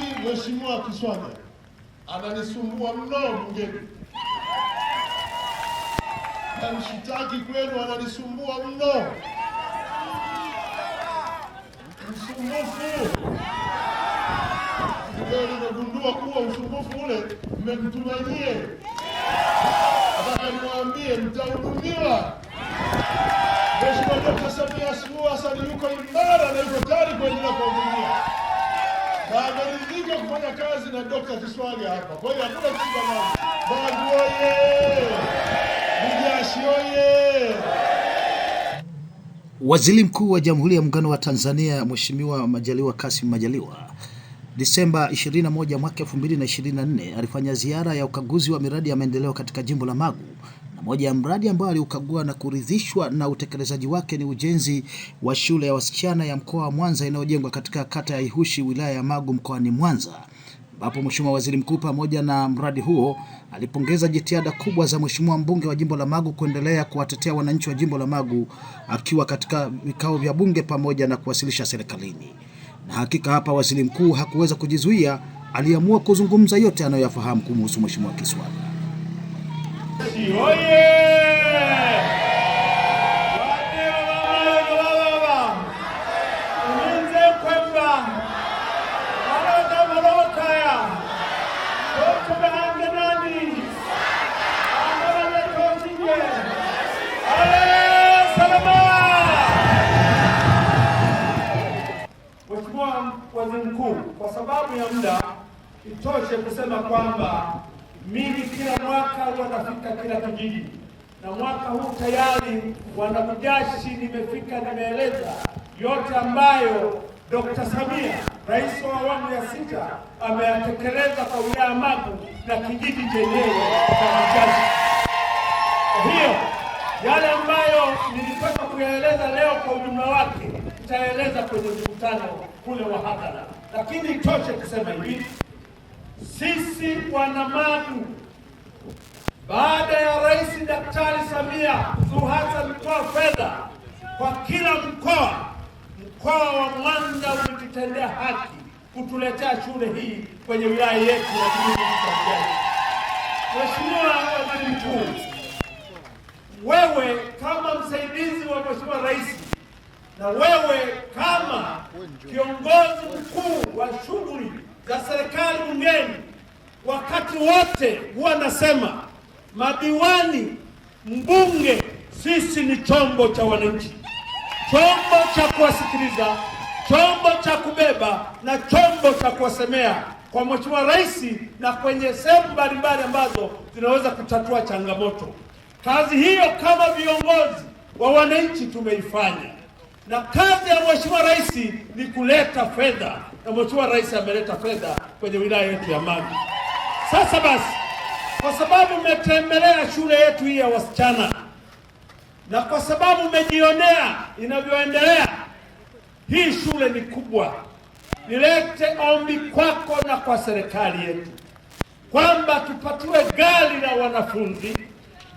Wakati Mheshimiwa Kiswaga ananisumbua mno bungeni, namshitaki kwenu, ananisumbua mno, msumbufu leo. Nimegundua kuwa usumbufu ule mmemtumainie. Nataka niwaambie mtahudumiwa. Mheshimiwa Dkt. Samia Suluhu Hassan yuko imara na kufanya kazi na Dr. Kiswaga hapa. Kwa hiyo hakuna Bagu oye! oye! Waziri Mkuu wa Jamhuri ya Muungano wa Tanzania Mheshimiwa Majaliwa Kassim Majaliwa Disemba 21 mwaka 2024 alifanya ziara ya ukaguzi wa miradi ya maendeleo katika jimbo la Magu na moja ya mradi ambayo aliukagua na kuridhishwa na utekelezaji wake ni ujenzi wa shule ya wasichana ya mkoa wa Mwanza inayojengwa katika kata ya Ihushi wilaya ya Magu mkoani Mwanza ambapo Mheshimiwa Waziri Mkuu pamoja na mradi huo alipongeza jitihada kubwa za Mheshimiwa mbunge wa jimbo la Magu kuendelea kuwatetea wananchi wa jimbo la Magu akiwa katika vikao vya bunge pamoja na kuwasilisha serikalini. Na hakika hapa Waziri Mkuu hakuweza kujizuia, aliamua kuzungumza yote anayoyafahamu kumhusu Mheshimiwa Kiswaga. Mji oye! kwemba arada marokaya kotubahange nani andaranatosige Mheshimiwa Waziri Mkuu, kwa sababu ya muda itoshe kusema kwamba mimi kila mwaka huwa nafika kila kijiji, na mwaka huu tayari wanabujashi nimefika, nimeeleza yote ambayo Dr. Samia rais wa awamu ya sita ameyatekeleza kwa wilaya Magu na kijiji chenyewe cha Mjashi. Kwa hiyo yale ambayo nilipaswa kuyaeleza leo kwa ujumla wake nitaeleza kwenye mkutano kule wa hadhara, lakini itoshe kusema hivi sisi wanamagu, baada ya Rais Daktari Samia Suluhu Hassan kutoa fedha kwa kila mkoa, mkoa wa Mwanza ulitutendea haki kutuletea shule hii kwenye wilaya yetu ya Vingunguti. Mheshimiwa Waziri Mkuu, wewe kama msaidizi wa Mheshimiwa Rais na wewe kama kiongozi mkuu wa shughuli za serikali bungeni, wakati wote huwa nasema madiwani, mbunge, sisi ni chombo cha wananchi, chombo cha kuwasikiliza, chombo cha kubeba na chombo cha kuwasemea kwa Mheshimiwa Rais na kwenye sehemu mbalimbali ambazo zinaweza kutatua changamoto. Kazi hiyo kama viongozi wa wananchi tumeifanya, na kazi ya Mheshimiwa Rais ni kuleta fedha na mheshimiwa rais ameleta fedha kwenye wilaya yetu ya Magu. Sasa basi, kwa sababu mmetembelea shule yetu hii ya wasichana na kwa sababu mmejionea inavyoendelea, hii shule ni kubwa, nilete ombi kwako na kwa serikali yetu kwamba tupatiwe gari la wanafunzi,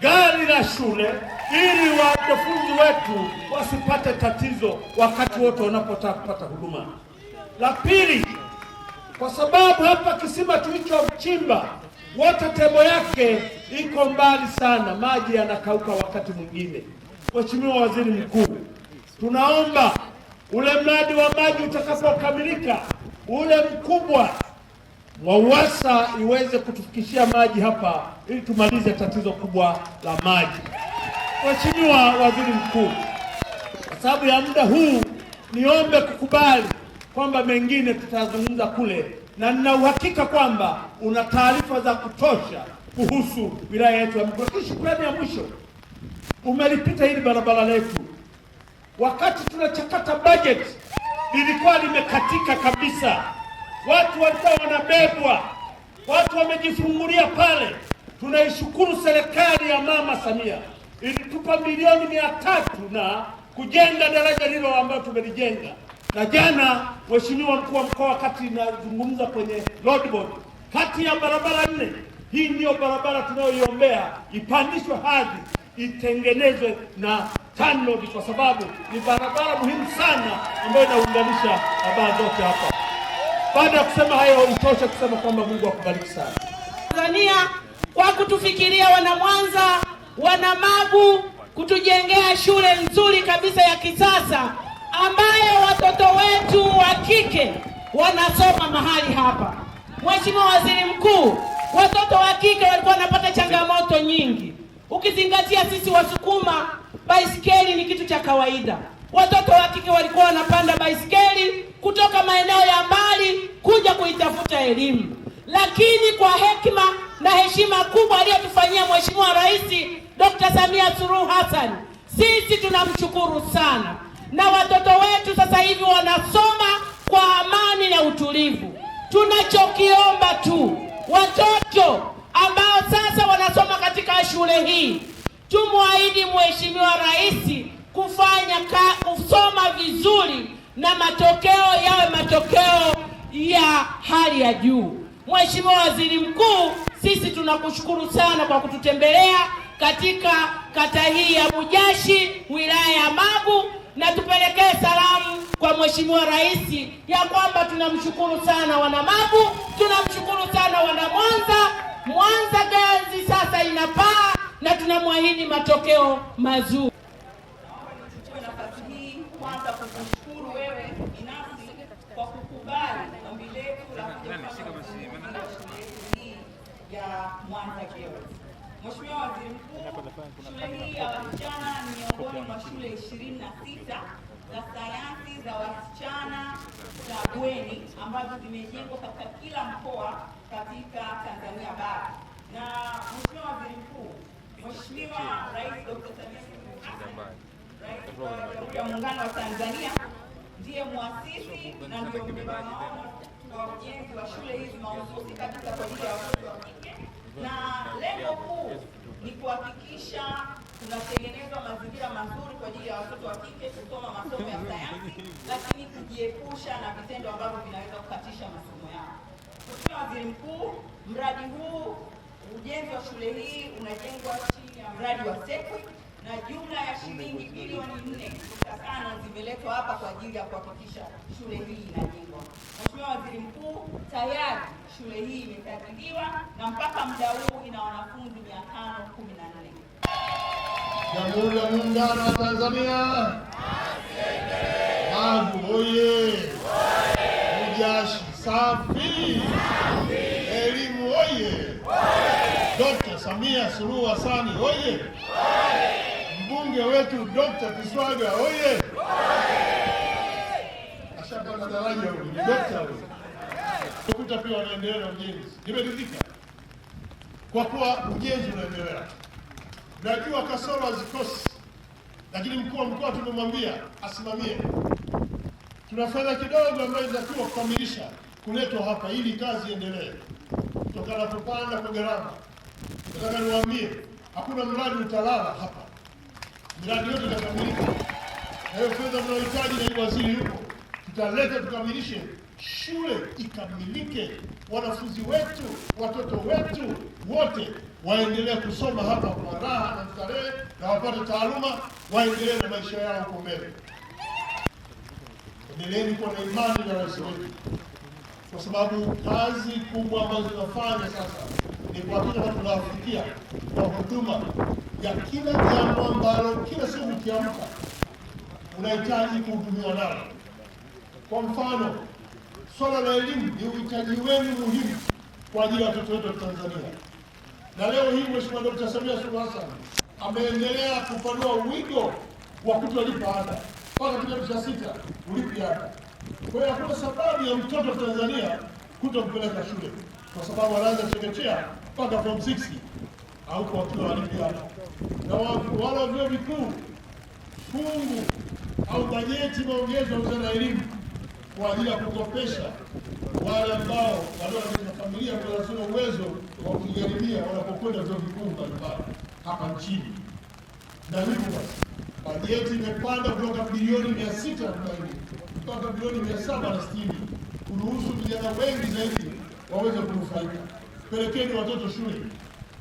gari la shule, ili wanafunzi wetu wasipate tatizo wakati wote wanapotaka kupata huduma. La pili, kwa sababu hapa kisima tulichomchimba wata tembo yake iko mbali sana, maji yanakauka wakati mwingine. Mheshimiwa Waziri Mkuu, tunaomba ule mradi wa maji utakapokamilika ule mkubwa wa Uwasa iweze kutufikishia maji hapa ili tumalize tatizo kubwa la maji. Mheshimiwa Waziri Mkuu, kwa sababu ya muda huu niombe kukubali kwamba mengine tutazungumza kule, na nina uhakika kwamba una taarifa za kutosha kuhusu wilaya yetu ya Mkurwe. Shukrani ya mwisho, umelipita hili barabara letu wakati tunachakata bajeti lilikuwa limekatika kabisa, watu walikuwa wanabebwa, watu wamejifungulia pale. Tunaishukuru serikali ya Mama Samia ilitupa milioni mia tatu na kujenga daraja hilo ambayo tumelijenga. Na jana, Mheshimiwa mkuu wa mkoa, wakati inazungumza kwenye road board, kati ya barabara nne, hii ndiyo barabara tunayoiombea ipandishwe hadhi itengenezwe na TANROADS kwa sababu ni barabara muhimu sana ambayo inaunganisha barabara zote hapa. Baada ya kusema hayo, itoshe kusema kwamba Mungu akubariki sana Tanzania kwa kutufikiria wana Mwanza, wana Magu, kutujengea shule nzuri kabisa ya kisasa ambayo watoto wetu wa kike wanasoma mahali hapa. Mheshimiwa Waziri Mkuu, watoto wa kike walikuwa wanapata changamoto nyingi, ukizingatia sisi Wasukuma baisikeli ni kitu cha kawaida. Watoto wa kike walikuwa wanapanda baisikeli kutoka maeneo ya mbali kuja kuitafuta elimu, lakini kwa hekima na heshima kubwa aliyotufanyia Mheshimiwa Rais Dr. Samia Suluhu Hassan, sisi tunamshukuru sana na watoto wetu sasa hivi wanasoma kwa amani na utulivu. Tunachokiomba tu watoto ambao sasa wanasoma katika shule hii, tumwahidi Mheshimiwa Rais kufanya kusoma vizuri na matokeo yawe matokeo ya hali ya juu. Mheshimiwa Waziri Mkuu, sisi tunakushukuru sana kwa kututembelea katika kata hii ya Mujashi, wilaya ya Magu na tupelekee salamu kwa Mheshimiwa Rais ya kwamba tunamshukuru sana wana Magu, tunamshukuru sana wana Mwanza. Mwanza ganzi sasa inapaa na tunamwahidi matokeo mazuri. Shule hii ya wasichana ni miongoni mwa shule ishirini na za sayansi za wasichana za bweni ambazo zimejengwa katika kila mkoa katika Tanzania Bara, na Mheshimiwa Waziri Mkuu, Mheshimiwa Rais Dr. Samia Suluhu Hassan, Rais wa Muungano wa Tanzania, ndiye mwasisi na ndio mbeba maono wa ujenzi wa shule hizi mahususi kabisa kwa ajili ya watoto wa kike na lengo kuu ni kuhakikisha tunatengeneza mazingira mazuri kwa ajili ya watoto wa kike kusoma masomo ya sayansi, lakini kujiepusha na vitendo ambavyo vinaweza kukatisha masomo yao. Mheshimiwa Waziri Mkuu, mradi huu ujenzi wa shule hii unajengwa chini ya mradi wa SEQUIP na jumla ya shilingi bilioni nne nukta tano zimeletwa hapa kwa ajili ya kuhakikisha shule hii inajengwa. Mheshimiwa Waziri Mkuu, tayari shule hii imetajiliwa na mpaka muda huu kozi na wanafunzi 514. Jamhuri ya Muungano wa Tanzania Magu oye! Ujashi safi! Elimu oye! Dr. Samia Suluhu Hassan oye! Mbunge wetu Dr. Kiswaga oye! Ashapata daraja huyu, ni dokta huyu. Ukuta pia wanaendelea na ujenzi, nimeridhika kwa kuwa ujenzi unaendelea. Najua kasoro hazikosi, lakini mkuu wa mkoa tumemwambia asimamie. Tuna fedha kidogo ambayo inatakiwa kukamilisha kuletwa hapa ili kazi iendelee, kutokana na kupanda kwa gharama. Nataka niwaambie hakuna mradi utalala hapa, miradi yote itakamilika. Na hiyo fedha mnayohitaji, na waziri yupo, tutaleta tukamilishe shule ikamilike, wanafunzi wetu, watoto wetu wote waendelee kusoma hapa kwa raha na starehe, na wapate taaluma, waendelee na maisha yao huko mbele. Endeleeni kuwa na imani na rais wetu, kwa sababu kazi kubwa ambazo zinafanya sasa ni kuhakikisha tunawafikia kwa huduma ya kila jambo ambalo kila siku ukiamka unahitaji kuhudumiwa nalo. Kwa mfano swala la elimu ni uhitaji wenu muhimu kwa ajili ya watoto wetu wa Tanzania, na leo hii Mheshimiwa Dr. Samia Suluhu Hassan ameendelea kupanua wigo wa kutolipa ada mpaka kidato cha sita ulipi ada. Kwa hiyo hakuna sababu ya mtoto wa Tanzania kuto kupeleka shule kwa sababu anaanza chekechea mpaka form 6 au kwa watu walipi ada, na wala vyuo vikuu fungu au bajeti maongezo ya wizara ya elimu kwa ajili ya kukopesha wale ambao walio na familia wasio uwezo wa kujaribia wanapokwenda vyuo vikuu mbalimbali hapa nchini. Na hivyo basi bajeti imepanda kutoka bilioni mia sita arobaini mpaka bilioni mia saba na sitini kuruhusu vijana wengi zaidi waweze kunufaika. Pelekeni watoto shule.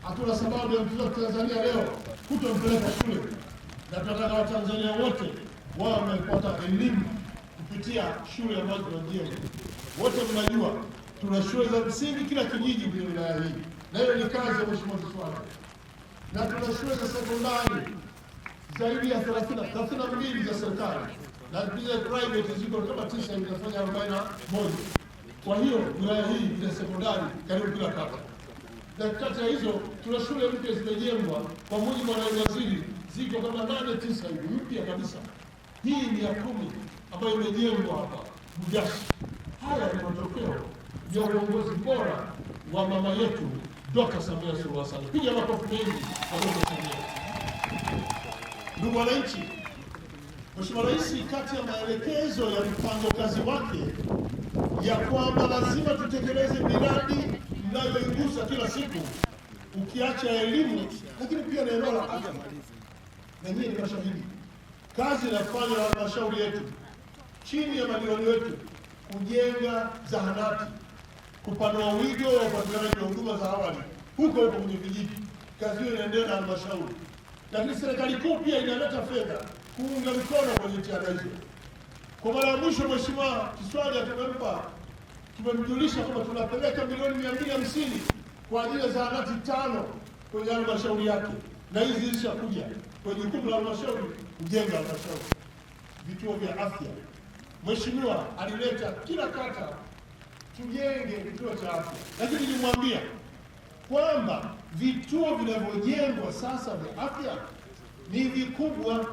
Hatuna sababu ya mtoto wa Tanzania leo kutompeleka shule, na tunataka Watanzania wote wao wamepata elimu kupitia shule ambazo tunajenga. Wote mnajua tuna shule za msingi kila kijiji kwenye wilaya hii, na hiyo ni kazi ya Mheshimiwa Kiswaga, na tuna shule za sekondari zaidi ya 30 30 mbili za serikali na zile private ziko kama tisa zinafanya 41. Kwa hiyo wilaya hii ina sekondari karibu kila kata, na ya hizo tuna shule mpya zimejengwa kwa mujibu wa naibu waziri, ziko kama nane tisa hivi mpya kabisa. Hii ni ya kumi ambayo imejengwa hapa Bujashi. Haya ni matokeo ya uongozi bora wa mama yetu Dkt. Samia Suluhu Hassan. Piga makofi mengi kwa Samia. Ndugu wananchi, Mheshimiwa Rais, kati ya maelekezo ya mpango kazi wake ya kwamba lazima tutekeleze miradi mnayoigusa kila siku, ukiacha elimu, lakini pia na eneo la afya, na nyinyi ni mashahidi, kazi inafanywa na halmashauri yetu chini ya madiwani wetu kujenga zahanati, kupanua wigo wa upatikanaji wa huduma za awali huko huko kwenye vijiji. Kazi hiyo inaendelea na halmashauri, lakini serikali kuu pia inaleta fedha kuunga mkono kwenye jitihada hizo. Kwa mara ya mwisho, Mheshimiwa Kiswaga tumempa tumemjulisha kwamba tunapeleka milioni mia mbili hamsini kwa ajili ya zahanati tano kwenye halmashauri yake, na hizi zilishakuja kwenye jukumu la halmashauri kujenga halmashauri vituo vya afya Mheshimiwa alileta kila kata tujenge kituo cha afya, lakini nilimwambia kwamba vituo vinavyojengwa sasa vya afya ni vikubwa,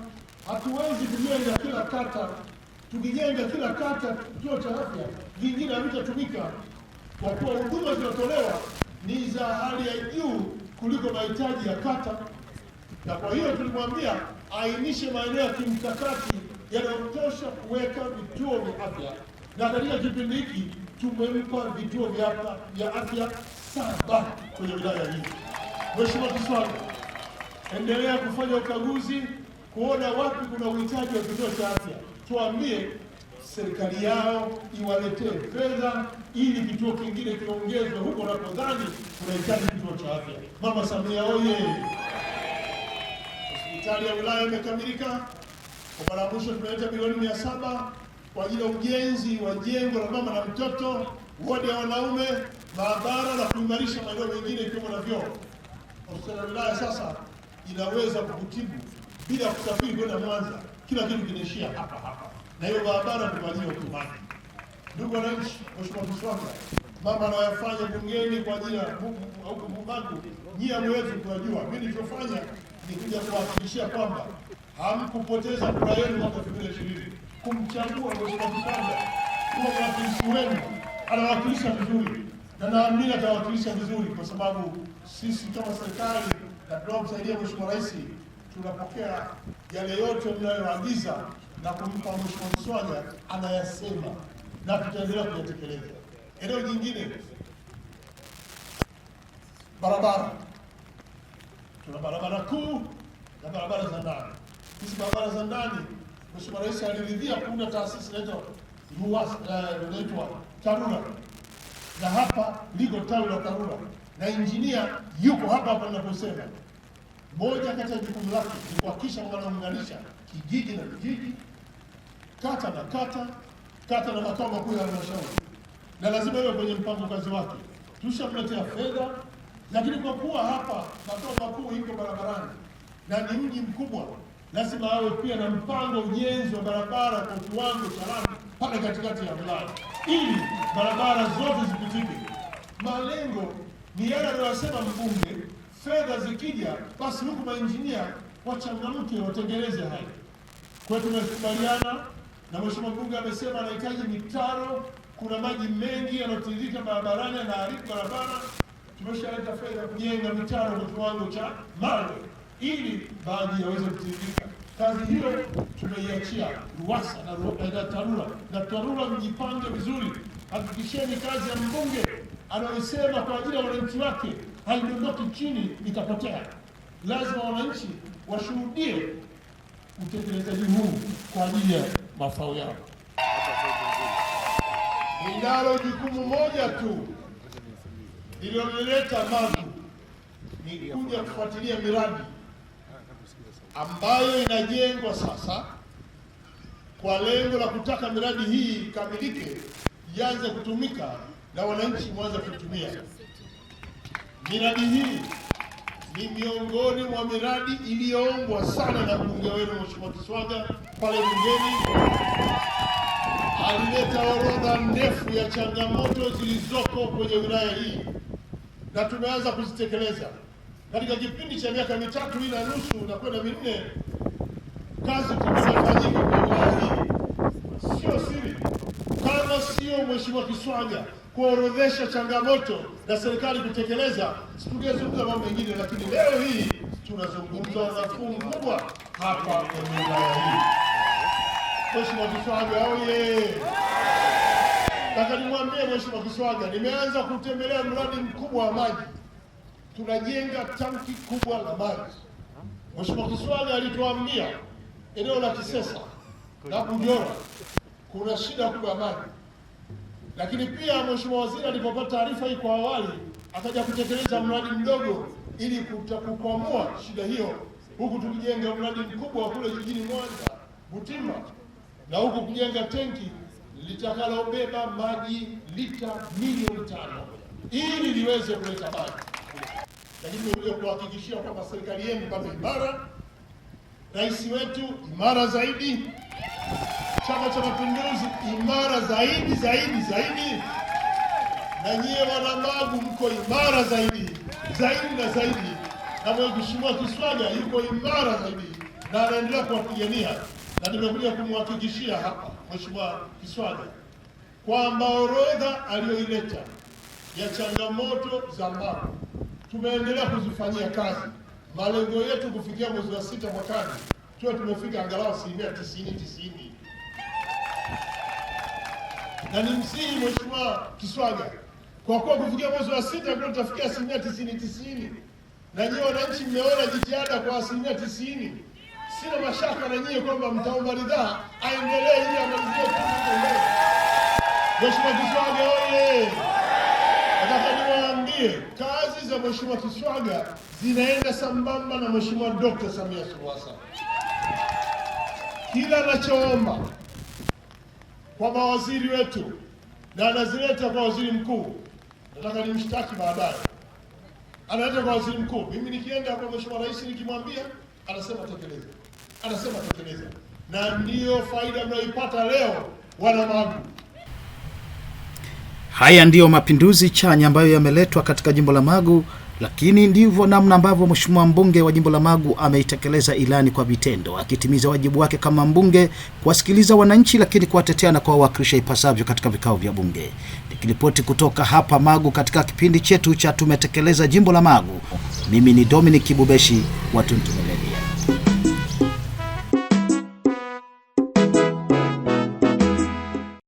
hatuwezi kujenga kila kata. Tukijenga kila kata kituo cha afya, vingine havitatumika kwa kuwa huduma zinatolewa ni za hali ya juu kuliko mahitaji ya kata, na kwa hiyo tulimwambia ainishe maeneo ya kimkakati yanayotosha kuweka vituo vya afya, na katika kipindi hiki tumempa vituo vya afya saba kwenye wilaya hii. Mheshimiwa Kiswaga, endelea kufanya ukaguzi kuona wapi kuna uhitaji wa kituo cha afya, tuambie serikali yao iwaletee fedha ili kituo kingine kiongezwe huko napodhani kunahitaji kituo cha afya. Mama Samia oye! Hospitali ya wilaya imekamilika. Kwa mara ya mwisho tumeleta milioni mia saba kwa ajili ya ujenzi wa jengo la mama na mtoto, wodi ya wanaume, maabara na kuimarisha maeneo mengine ikiwemo na vyoo. Hospitali ya wilaya sasa inaweza kukutibu bila kusafiri kwenda Mwanza, kila kitu kinaishia hapa hapa, na hiyo maabara tumaliza utumaji. Ndugu wananchi, Mheshimiwa Mswanga, mama anayofanya bungeni kwa ajili ya huku Bubangu, nyie hamwezi kuyajua. Mimi nilichofanya ni kuja kuwahakikishia kwamba hamkupoteza kura yenu mwaka 2020 kumchagua Mheshimiwa Kitanda kuwa mwakilishi wenu. Anawakilisha vizuri na naamini atawakilisha vizuri, kwa sababu sisi kama serikali na tunamsaidia Mheshimiwa Rais tunapokea yale yote mnayoagiza na kumpa Mheshimiwa Mswaja anayasema, na tutaendelea kuyatekeleza. Eneo jingine barabara, tuna barabara kuu na barabara za ndani hizi barabara za ndani, Mheshimiwa Rais aliridhia kuunda taasisi inaitwa eh, TARURA na hapa liko tawi la TARURA na injinia yuko hapa hapa ninaposema. Moja kati ya jukumu lake ni kuhakikisha wanaunganisha kijiji na kijiji, kata na kata, kata na makao makuu ya halmashauri, na lazima iwe kwenye mpango kazi wake. Tushamletea fedha, lakini kwa kuwa hapa makao makuu iko barabarani na ni mji mkubwa lazima awe pia na mpango ujenzi wa barabara kwa kiwango cha lami pale katikati ya mlaa ili barabara zote zipitike. Malengo ni yale aliyosema mbunge, fedha zikija, basi huku mainjinia wachangamke watengeleze haya. Kwa hiyo tumekubaliana na mheshimiwa mbunge amesema anahitaji mitaro, kuna maji mengi yanayotiririka barabarani yanaharibu barabara. Tumeshaleta fedha kujenga mitaro kwa kiwango cha mawe ili baadhi yaweze kutiririka. Kazi hiyo tumeiachia RUWASA eh, na TARURA, na TARURA mjipange vizuri, hakikisheni kazi ya mbunge anayosema kwa ajili ya wananchi wake haidondoki chini ikapotea. Lazima wananchi washuhudie utekelezaji huu kwa ajili ya mafao yao. Ninalo jukumu moja tu lililonileta magu ni kuja kufuatilia miradi ambayo inajengwa sasa kwa lengo la kutaka miradi hii ikamilike, ianze kutumika na wananchi mwanze kutumia Miradi hii ni miongoni mwa miradi iliyoombwa sana na mbunge wenu Mheshimiwa Kiswaga pale bungeni. Alileta orodha ndefu ya changamoto zilizoko kwenye wilaya hii na tumeanza kuzitekeleza katika kipindi cha miaka mitatu hii na nusu na kwenda minne, kazi zitafanyika kwa uwazi, sio siri. Kama sio Mheshimiwa Kiswaga kuorodhesha changamoto na serikali kutekeleza, situngezungumza mambo mengine, lakini leo hii tunazungumza unafuu kubwa hapa kwenye wilaya hii. Mheshimiwa Kiswaga oye! Nataka nimwambie Mheshimiwa Kiswaga, nimeanza kutembelea mradi mkubwa wa maji tunajenga tanki kubwa la maji. Mheshimiwa Kiswali alituambia eneo la Kisesa na Bujora kuna shida kubwa ya maji, lakini pia Mheshimiwa Waziri alipopata taarifa hii kwa awali akaja kutekeleza mradi mdogo ili kukwamua shida hiyo, huku tukijenga mradi mkubwa kule jijini Mwanza Butimba, na huku kujenga tenki litakalobeba maji lita milioni tano ili liweze kuleta maji lakini nikuja kuhakikishia kwamba serikali yenu bado imara, rais wetu imara zaidi, Chama cha Mapinduzi imara zaidi zaidi zaidi, na nyiwe wanamagu mko imara zaidi zaidi na zaidi, na mheshimiwa Kiswaga yuko imara zaidi na anaendelea kuwapigania, na nimekuja kumhakikishia hapa mheshimiwa Kiswaga kwamba orodha aliyoileta ya changamoto za Magu tumeendelea kuzifanyia kazi. Malengo yetu kufikia mwezi wa sita mwakani tuwe tumefika angalau asilimia tisini tisini, na ni msingi Mheshimiwa Kiswaga, kwa kuwa kufikia mwezi wa sita ndio tutafikia asilimia tisini tisini, na nyie wananchi mmeona jitihada kwa asilimia tisini. Sina mashaka na nyie kwamba mtaomba ridhaa aendelee ili amalizie Mheshimiwa Kiswaga oye! Amir, kazi za Mheshimiwa Kiswaga zinaenda sambamba na Mheshimiwa Dr. Samia Suluhu Hassan. Kila anachoomba kwa mawaziri wetu na anazileta kwa waziri mkuu, nataka nimshtaki baadaye, analeta kwa waziri mkuu. Mimi nikienda kwa Mheshimiwa Rais nikimwambia, anasema tekeleza, anasema tekeleza, na ndiyo faida mnayoipata leo wana Magu. Haya ndiyo mapinduzi chanya ambayo yameletwa katika jimbo la Magu, lakini ndivyo namna ambavyo mheshimiwa mbunge wa jimbo la Magu ameitekeleza ilani kwa vitendo, akitimiza wajibu wake kama mbunge, kuwasikiliza wananchi, lakini kuwatetea na kuwawakilisha ipasavyo katika vikao vya bunge. Nikiripoti kutoka hapa Magu katika kipindi chetu cha tumetekeleza jimbo la Magu, mimi ni Dominic Kibubeshi wa Tuntu.